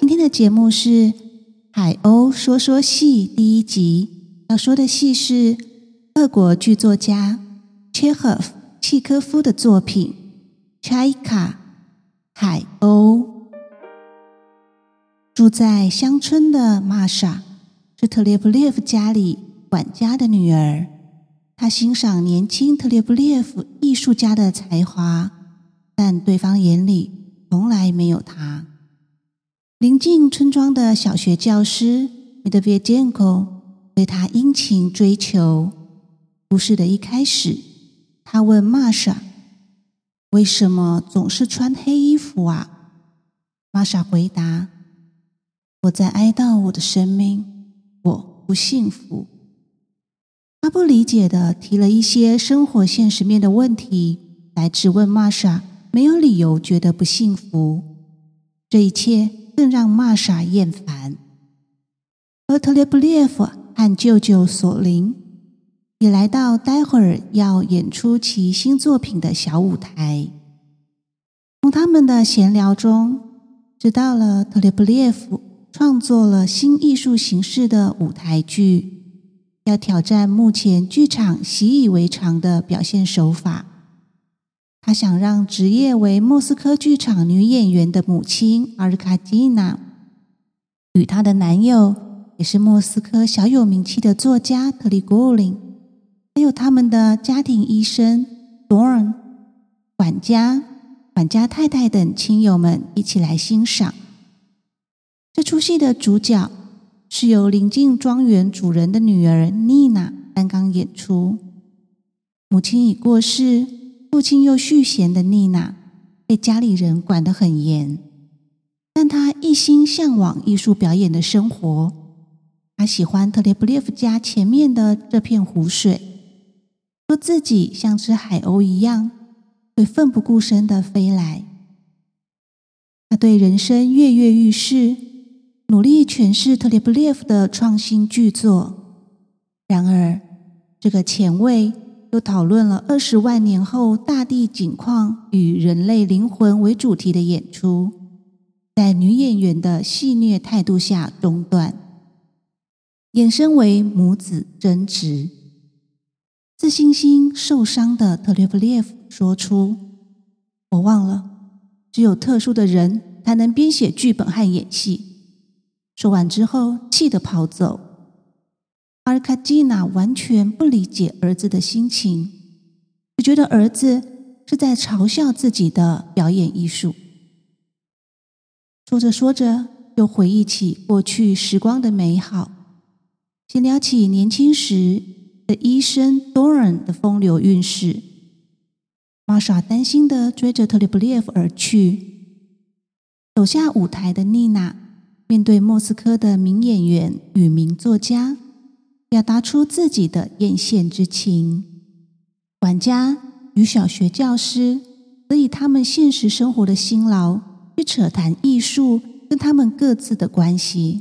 今天的節目是《海鷗說說戲》第一集。要說的戲是俄國劇作家契訶夫的作品《Chaika 海鷗》。住在鄉村的瑪莎是特列布列夫家裡管家的女兒。她欣賞年輕特列布列夫藝術家的才華，但對方眼裡從來沒有她。臨近村莊的小學教師 Medvedenko 對他殷勤追求。故事的一開始，他問瑪莎：“為什麼總是穿黑衣服啊？”瑪莎回答：“我在哀悼我的生命，我不幸福。”他不理解地提了一些生活現實面的問題來質問瑪莎，沒有理由覺得不幸福。這一切，更讓瑪莎厭煩。而特列布列夫和舅舅索林也來到待會兒要演出其新作品的小舞台。從他們的閒聊中，知道了特列布列夫創作了新藝術形式的舞台劇，要挑戰目前劇場習以為常的表現手法。他想讓職業為莫斯科劇場女演員的母親阿爾卡吉娜，與她的男友，也是莫斯科小有名氣的作家特里古林，還有他們的家庭醫生 Dorn，管家、管家太太等親友們一起來欣賞。這齣戲的主角是由臨近莊園主人的女兒妮娜擔綱演出。母親已過世，父親又續弦的妮娜被家裡人管得很嚴，但她一心嚮往藝術表演的生活。她喜歡特列布列夫家前面的這片湖水，說自己像隻海鷗一樣，會奮不顧身地飛來。她對人生躍躍欲試，努力詮釋特列布列夫的創新巨作。然而，這個前衛又討論了二十萬年後大地景況與人類靈魂為主題的演出，在女演員的戲謔態度下中斷，衍生為母子爭執。自信心受傷的特列普列夫說出：“我忘了，只有特殊的人才能編寫劇本和演戲。”說完之後，氣得跑走。阿爾卡蒂娜完全不理解兒子的心情，只覺得兒子是在嘲笑自己的表演藝術。說着說着，又回憶起過去時光的美好，閒聊起年輕時的醫生多 n 的風流韻事。瑪莎擔心的追着特里布列夫而去，走下舞台的麗娜面對莫斯科的名演員與名作家。表達出自己的豔羨之情。管家與小學教師則以，以他們現實生活的辛勞去扯談藝術跟他們各自的關係。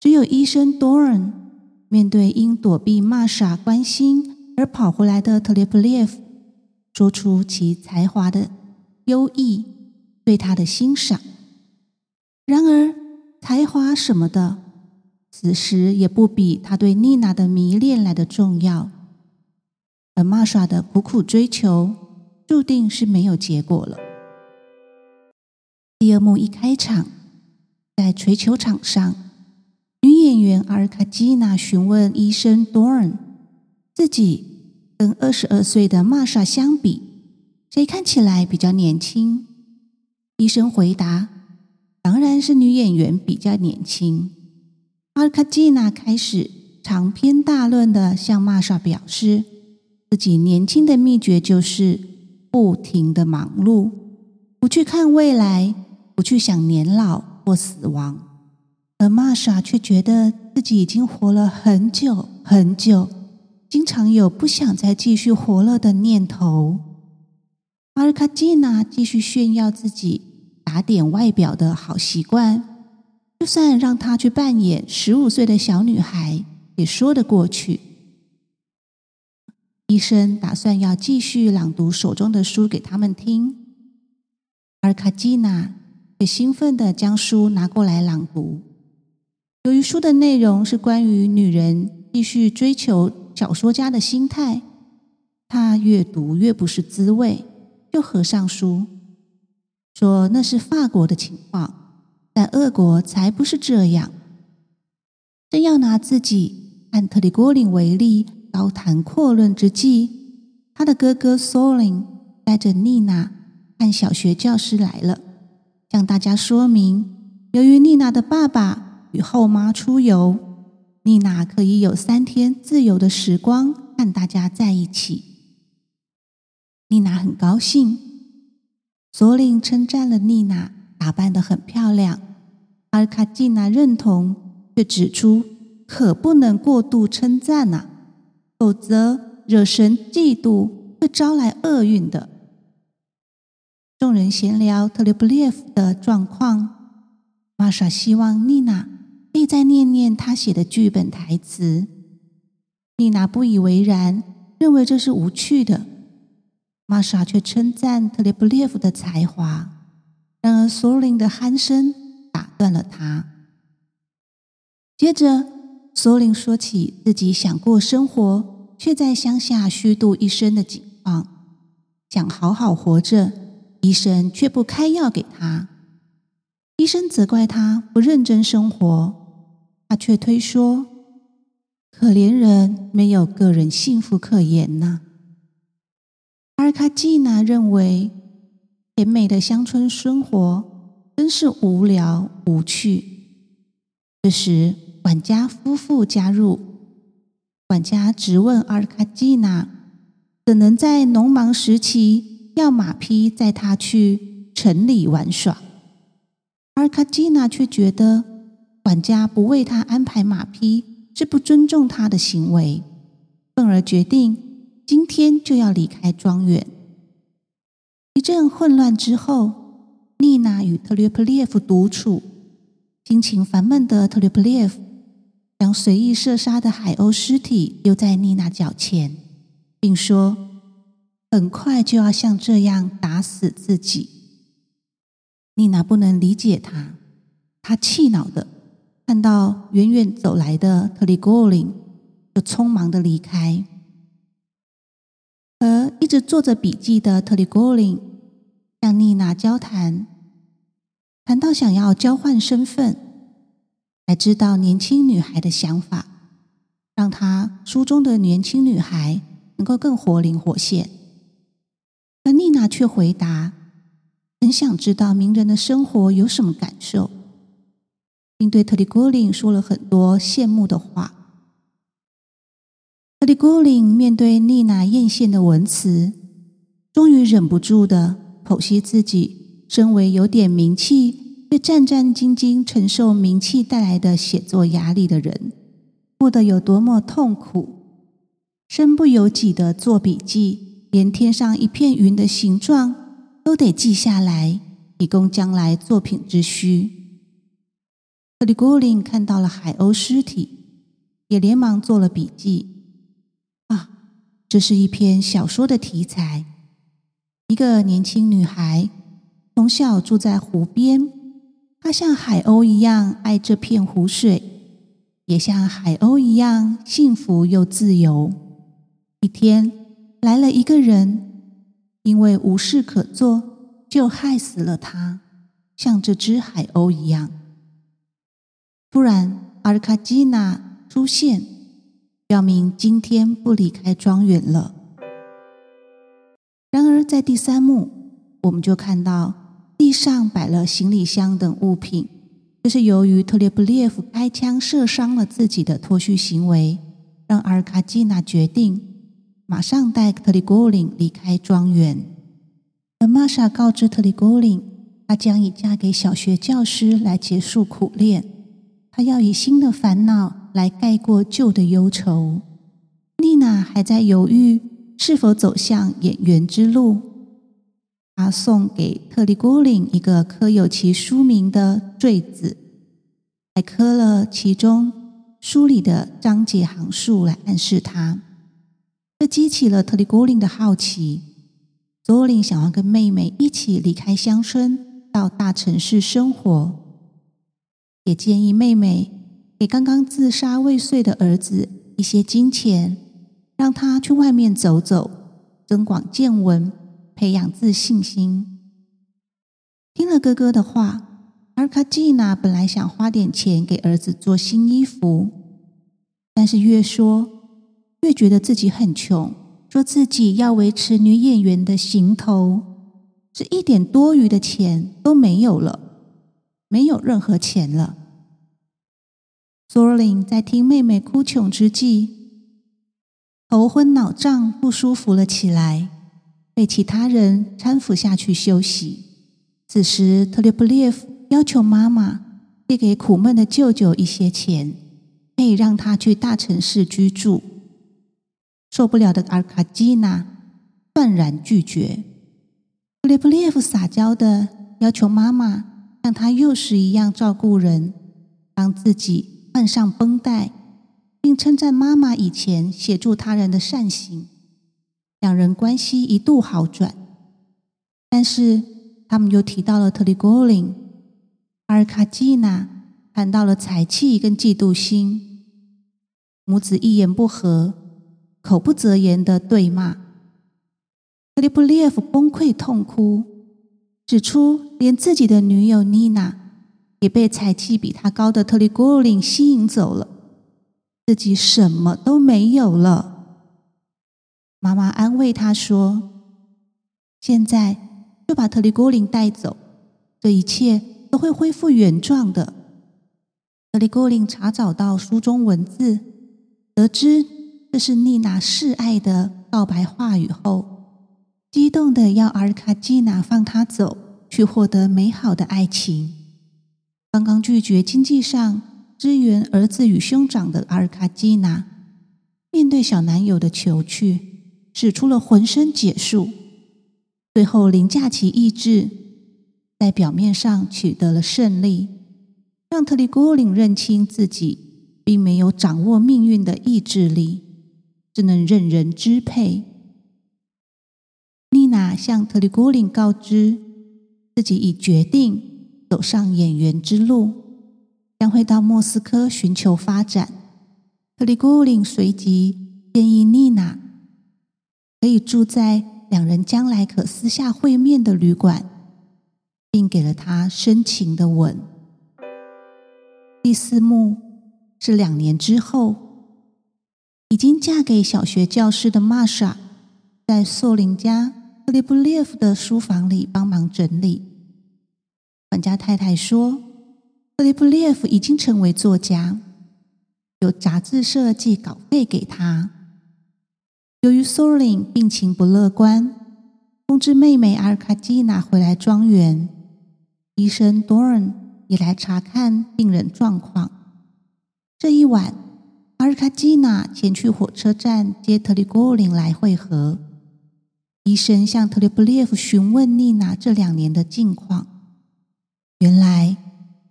只有醫生 Dorn 面對因躲避瑪莎關心而跑回來的特列普列夫，說出其才華的優異，對他的欣賞。然而，才華什麼的。此時也不比他對麗娜的迷戀來的重要，而瑪莎的苦苦追求注定是沒有結果了。第二幕一開場，在槌球場上，女演員阿爾卡基娜詢問醫生多 n 自己跟二十二歲的瑪莎相比，誰看起來比較年輕？”醫生回答：“當然是女演員比較年輕。”阿爾卡吉娜開始長篇大論的向瑪莎表示，自己年輕的秘訣就是不停的忙碌，不去看未來，不去想年老或死亡。而瑪莎卻覺得自己已經活了很久很久，經常有不想再繼續活了的念頭。阿爾卡吉娜繼續炫耀自己打點外表的好習慣。就算讓她去扮演十五歲的小女孩，也說得過去。醫生打算要繼續朗讀手中的書給他們聽，而卡吉娜卻興奮地將書拿過來朗讀。由於書的內容是關於女人繼續追求小說家的心態，她越讀越不是滋味，就合上書，說那是法國的情況。但俄國才不是這樣。正要拿自己和特里郭林為例高談闊論之際，他的哥哥索林帶着妮娜和小學教師來了，向大家說明：由於妮娜的爸爸與後媽出遊，妮娜可以有三天自由的時光和大家在一起。妮娜很高興，索林稱讚了妮娜。打扮得很漂亮，阿爾卡季娜認同，卻指出可不能過度稱讚啊，否則惹神嫉妒會招來厄運的。眾人閒聊特列布列夫的狀況，瑪莎希望妮娜可以再念念他寫的劇本台詞，妮娜不以為然，認為這是無趣的。瑪莎卻稱讚特列布列夫的才華。然而，索林的鼾聲打斷了他。接着，索林說起自己想過生活，卻在鄉下虛度一生的情況，想好好活着，醫生卻不開藥給他。醫生責怪他不認真生活，他卻推說，可憐人沒有個人幸福可言吶。阿爾卡季娜認為。甜美的鄉村生活真是無聊無趣。這時，管家夫婦加入。管家直問阿爾卡吉娜：“怎能在農忙時期要馬匹載他去城裡玩耍？”阿爾卡吉娜卻覺得管家不為他安排馬匹是不尊重他的行為，憤而決定今天就要離開莊園。一陣混亂之後，妮娜與特列普列夫獨處，心情煩悶的特列普列夫將隨意射殺的海鷗屍體丟在妮娜腳前，並說：“很快就要像這樣打死自己。”妮娜不能理解他，她氣惱的看到遠遠走來的特里戈林，就匆忙的離開。而一直做着筆記的特里戈林。向妮娜交談，談到想要交換身份，才知道年輕女孩的想法，讓她書中的年輕女孩能夠更活靈活現。但妮娜卻回答：“很想知道名人的生活有什麼感受，並對特里古林說了很多羨慕的話。”特里古林面對妮娜豔羨的文辭，終於忍不住的，剖析自己，身為有點名氣卻戰戰兢兢承受名氣帶來的寫作壓力的人，過得有多麼痛苦。身不由己的做筆記，連天上一片雲的形狀都得記下來，以供將來作品之需。特里古林看到了海鷗屍體，也連忙做了筆記。啊，這是一篇小說的題材。一個年輕女孩從小住在湖邊，她像海鷗一樣愛這片湖水，也像海鷗一樣幸福又自由。一天來了一個人，因為無事可做，就害死了她，像這隻海鷗一樣。突然，阿爾卡基娜出現，表明今天不離開莊園了。然而，在第三幕，我們就看到地上擺了行李箱等物品，這是由於特列布列夫開槍射傷了自己的脫序行為，讓阿爾卡吉娜決定馬上帶特里古林離開莊園。而瑪莎告知特里古林，她將以嫁給小學教師來結束苦戀，她要以新的煩惱來蓋過舊的憂愁。妮娜還在猶豫。是否走向演員之路？他送給特里古林一個刻有其書名的墜子，還刻了其中書裡的章節行數來暗示他。這激起了特里古林的好奇。佐林想要跟妹妹一起離開鄉村，到大城市生活，也建議妹妹給剛剛自殺未遂的兒子一些金錢。讓他去外面走走，增廣見聞，培養自信心。聽了哥哥的話，阿爾卡季娜本來想花點錢給兒子做新衣服，但是越說越覺得自己很窮，說自己要維持女演員的行頭，是一點多餘的錢都沒有了，沒有任何錢了。索林在聽妹妹哭窮之際，頭昏腦脹，不舒服，了起來，被其他人攙扶下去休息。此時，特列布列夫要求媽媽借給，給苦悶的舅舅一些錢，可以讓他去大城市居住。受不了的阿爾卡基娜斷然拒絕。特列布列夫撒嬌的要求媽媽像他幼時一樣照顧人，幫自己換上繃帶。稱讚媽媽以前協助他人的善行，兩人關係一度好轉。但是他們又提到了特里果林、阿爾卡吉娜，談到了才氣跟嫉妒心，母子一言不合，口不擇言的對罵。特里布列夫崩潰痛哭，指出連自己的女友妮娜也被才氣比他高的特里果林吸引走了。自己什麼都沒有了。媽媽安慰他說：“現在就把特里古林帶走，這一切都會恢復原狀的。”特里古林查找到書中文字，得知這是妮娜示愛的告白話語後，激動地要阿爾卡季娜放他走，去獲得美好的愛情。剛剛拒絕經濟上。支援兒子與兄長的阿爾卡基娜，面對小男友的求去，使出了渾身解數，最後凌駕其意志，在表面上取得了勝利，讓特里古林認清自己並沒有掌握命運的意志力，只能任人支配。妮娜向特里古林告知，自己已決定走上演員之路。將會到莫斯科尋求發展。特里古林隨即建議妮娜可以住在兩人將來可私下會面的旅館，並給了她深情的吻。第四幕是兩年之後，已經嫁給小學教師的瑪莎，在索林家特里布列夫的書房裡幫忙整理。管家太太說。特列別列夫已經成為作家，有雜誌社寄稿費給他。由於索林病情不樂觀，通知妹妹阿爾卡季娜回來莊園。醫生多爾也來查看病人狀況。這一晚，阿爾卡季娜前去火車站接特列古林來會合。醫生向特列別列夫詢問尼娜這兩年的近況。原來。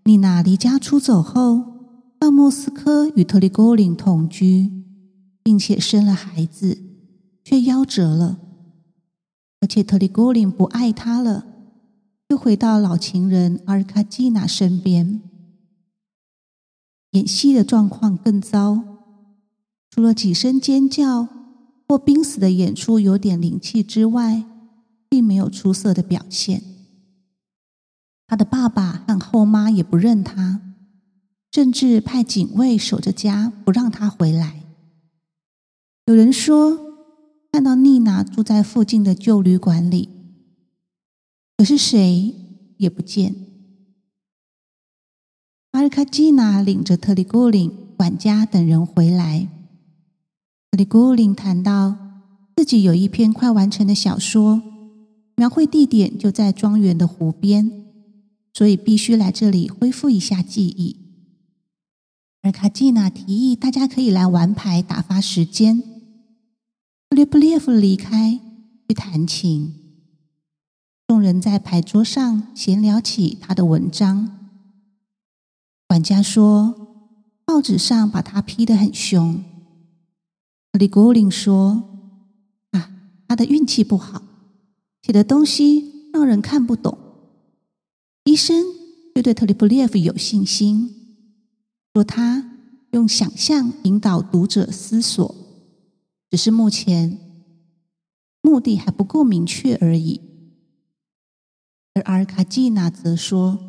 妮娜離家出走後，到莫斯科與特里戈林同居，並且生了孩子，卻夭折了。而且特里戈林不愛她了，又回到老情人阿爾卡季娜身邊。演戲的狀況更糟，除了幾聲尖叫或瀕死的演出有點靈氣之外，並沒有出色的表現。他的爸爸和後媽也不認他，甚至派警衛守着家，不讓他回來。有人說看到妮娜住在附近的舊旅館裡，可是誰也不見。阿爾卡季娜領着特里古林管家等人回來。特里古林談到自己有一篇快完成的小說，描繪地點就在莊園的湖邊。所以必須來這裡恢復一下記憶。而卡季娜提議，大家可以來玩牌打發時間。特列布列夫離開去彈琴，眾人在牌桌上閒聊起他的文章。管家說，報紙上把他批得很凶。里古林說，啊，他的運氣不好，寫的東西讓人看不懂。醫生卻對特里普列夫有信心，說他用想象引導讀者思索，只是目前目的還不夠明確而已。而阿爾卡季娜則說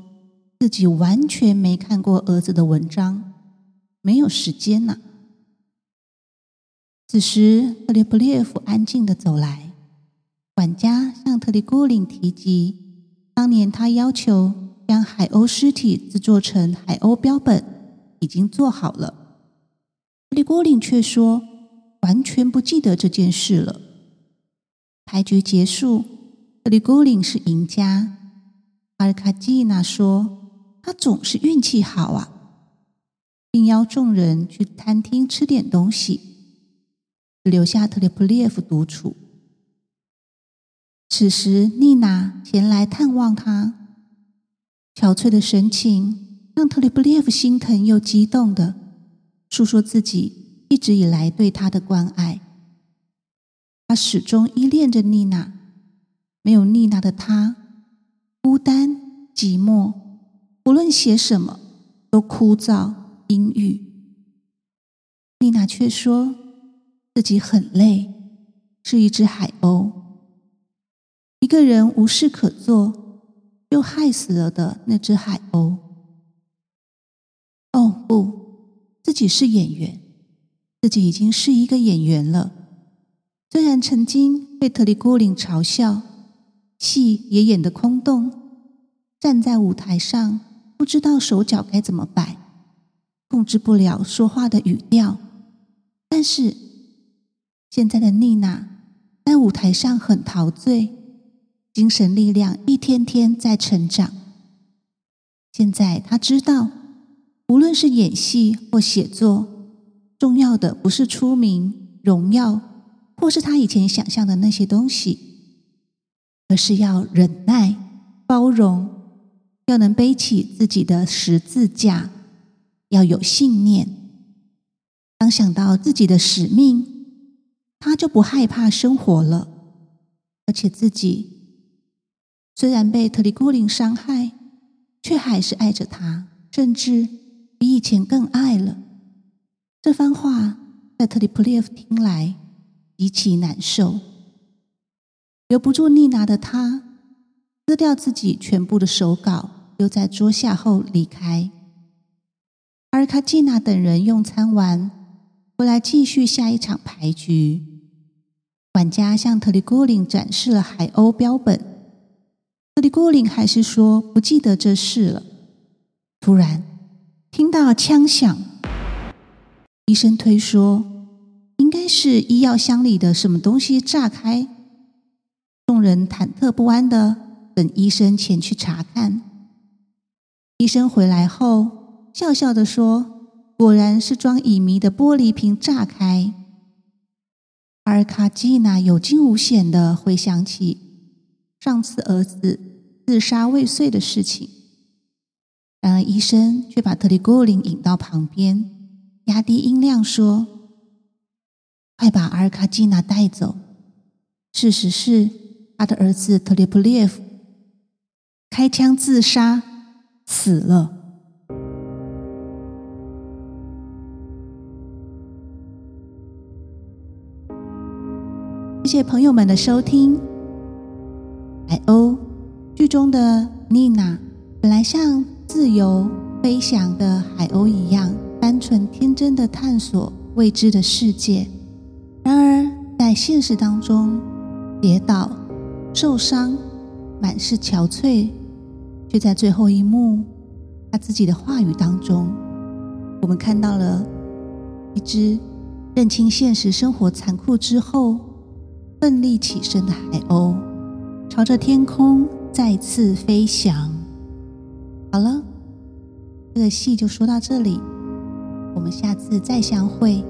自己完全沒看過兒子的文章，沒有時間了啊。此時，特里普列夫安靜地走來，管家向特里古林提及。當年他要求將海鷗屍體製作成海鷗標本，已經做好了。特里戈林卻說完全不記得這件事了。牌局結束，特里戈林是贏家。阿爾卡基娜說：“他總是運氣好啊。”並邀眾人去餐廳吃點東西，留下特列普列夫獨處。此時，妮娜前來探望他，憔悴的神情讓特里布列夫心疼又激動地訴說自己一直以來對他的關愛。他始終依戀着妮娜，沒有妮娜的他孤單寂寞，不論寫什麼都枯燥陰鬱。妮娜卻說自己很累，是一隻海鷗。一個人無事可做，又害死了的那隻海鷗。哦不，自己是演員，自己已經是一個演員了。雖然曾經被特里古林嘲笑，戲也演得空洞，站在舞台上不知道手腳該怎麼擺，控制不了說話的語調。但是現在的妮娜在舞台上很陶醉。精神力量一天天在成長。現在他知道，無論是演戲或寫作，重要的不是出名、榮耀，或是他以前想象的那些東西，而是要忍耐、包容，要能背起自己的十字架，要有信念。當想到自己的使命，他就不害怕生活了，而且自己。雖然被特里古林傷害，卻還是愛着他，甚至比以前更愛了。這番話在特里普列夫聽來極其難受。留不住麗娜的他，撕掉自己全部的手稿，丟在桌下後離開。阿爾卡季娜等人用餐完，回來繼續下一場牌局。管家向特里古林展示了海鷗標本。特里戈林還是說不記得這事了。突然聽到槍響，醫生推說應該是醫藥箱裡的什麼東西炸開。眾人忐忑不安的等醫生前去查看。醫生回來後，笑笑的說：“果然是裝乙醚的玻璃瓶炸開。”阿爾卡吉娜有驚無險的回想起。上次兒子自殺未遂的事情，然而醫生卻把特里古林引到旁邊，壓低音量說：“快把阿爾卡季娜帶走。”事實是，他的兒子特里普列夫開槍自殺死了。謝謝朋友們的收聽。鷗、哦、劇中的妮娜，本來像自由飛翔的海鷗一樣，單純天真的探索未知的世界。然而，在現實當中，跌倒、受傷、滿是憔悴，卻在最後一幕，她自己的話語當中，我們看到了一隻認清現實生活殘酷之後，奮力起身的海鷗。朝着天空再次飛翔。好了，這個戲就說到這裡，我們下次再相會。